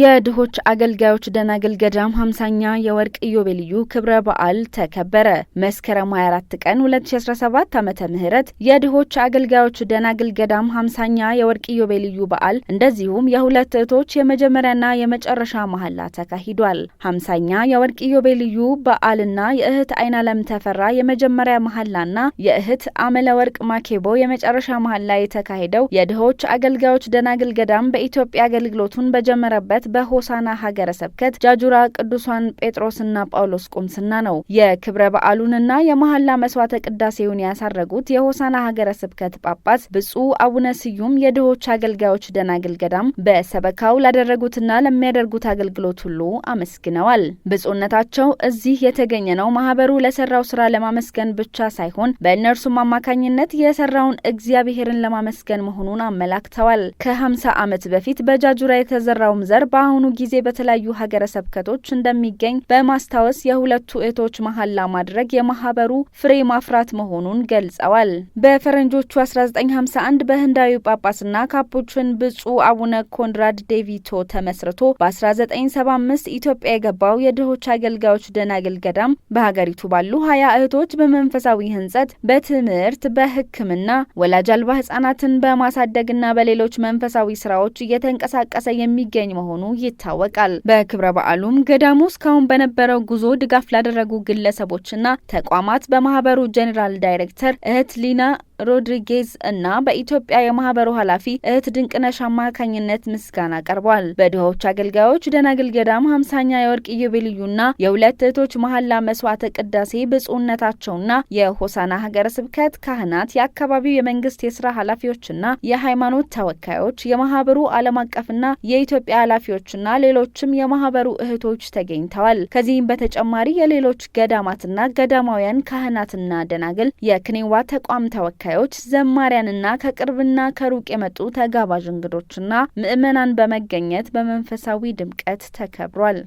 የድሆች አገልጋዮች ደናግል ገዳም ሀምሳኛ የወርቅ ኢዮቤልዩ ክብረ በዓል ተከበረ። መስከረም 24 ቀን 2017 ዓ. ምህረት የድሆች አገልጋዮች ደናግል ገዳም ሀምሳኛ የወርቅ ኢዮቤልዩ በዓል እንደዚሁም የሁለት እህቶች የመጀመሪያና የመጨረሻ መሐላ ተካሂዷል። ሀምሳኛ የወርቅ ኢዮቤልዩ በዓልና የእህት አይናለም ተፈራ የመጀመሪያ መሐላና የእህት አመለ ወርቅ ማኬቦ የመጨረሻ መሐላ የተካሄደው የድሆች አገልጋዮች ደናግል ገዳም በኢትዮጵያ አገልግሎቱን በጀመረበት ስርዓት በሆሳና ሀገረ ሰብከት ጃጁራ ቅዱሳን ጴጥሮስና ጳውሎስ ቁምስና ነው። የክብረ በዓሉንና የመሐላ መስዋዕተ ቅዳሴውን ያሳረጉት የሆሳና ሀገረ ስብከት ጳጳስ ብፁዕ አቡነ ስዩም የድሆች አገልጋዮች ደናግል ገዳም በሰበካው ላደረጉትና ለሚያደርጉት አገልግሎት ሁሉ አመስግነዋል። ብፁዕነታቸው እዚህ የተገኘ ነው ማህበሩ ለሰራው ስራ ለማመስገን ብቻ ሳይሆን በእነርሱም አማካኝነት የሰራውን እግዚአብሔርን ለማመስገን መሆኑን አመላክተዋል። ከ50 ዓመት በፊት በጃጁራ የተዘራውም ዘር በአሁኑ ጊዜ በተለያዩ ሀገረ ስብከቶች እንደሚገኝ በማስታወስ የሁለቱ እህቶች መሐላ ማድረግ የማህበሩ ፍሬ ማፍራት መሆኑን ገልጸዋል። በፈረንጆቹ 1951 በህንዳዊ ጳጳስና ካፖችን ብፁዕ አቡነ ኮንራድ ዴቪቶ ተመስርቶ በ1975 ኢትዮጵያ የገባው የድሆች አገልጋዮች ደናግል ገዳም በሀገሪቱ ባሉ ሀያ እህቶች በመንፈሳዊ ህንጸት፣ በትምህርት፣ በሕክምና ወላጅ አልባ ህጻናትን በማሳደግና በሌሎች መንፈሳዊ ስራዎች እየተንቀሳቀሰ የሚገኝ መሆኑ መሆኑ ይታወቃል። በክብረ በዓሉም ገዳሙ እስካሁን በነበረው ጉዞ ድጋፍ ላደረጉ ግለሰቦችና ተቋማት በማህበሩ ጄኔራል ዳይሬክተር እህት ሊና ሮድሪጌዝ እና በኢትዮጵያ የማህበሩ ኃላፊ እህት ድንቅነሽ አማካኝነት ምስጋና ቀርቧል። በድሆች አገልጋዮች ደናግል ገዳም ሀምሳኛ የወርቅ ኢዮቤልዩና የሁለት እህቶች መሐላ መስዋዕተ ቅዳሴ ብፁዕነታቸውና የሆሳና ሀገረ ስብከት ካህናት፣ የአካባቢው የመንግስት የስራ ኃላፊዎችና የሃይማኖት ተወካዮች፣ የማህበሩ ዓለም አቀፍና የኢትዮጵያ ኃላፊዎችና ሌሎችም የማህበሩ እህቶች ተገኝተዋል። ከዚህም በተጨማሪ የሌሎች ገዳማትና ገዳማውያን ካህናትና ደናግል የክኔዋ ተቋም ተወካ ተወካዮች፣ ዘማሪያንና ከቅርብና ከሩቅ የመጡ ተጋባዥ እንግዶችና ምዕመናን በመገኘት በመንፈሳዊ ድምቀት ተከብሯል።